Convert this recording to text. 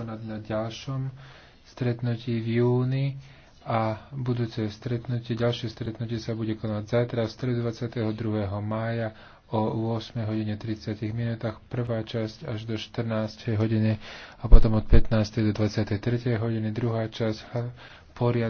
konať na ďalšom stretnutí v júni a budúce stretnutie, ďalšie stretnutie sa bude konať zajtra v stredu 22. mája o 8 hodine 30 minútach, prvá časť až do 14 hodine a potom od 15. do 23. hodiny druhá časť poriad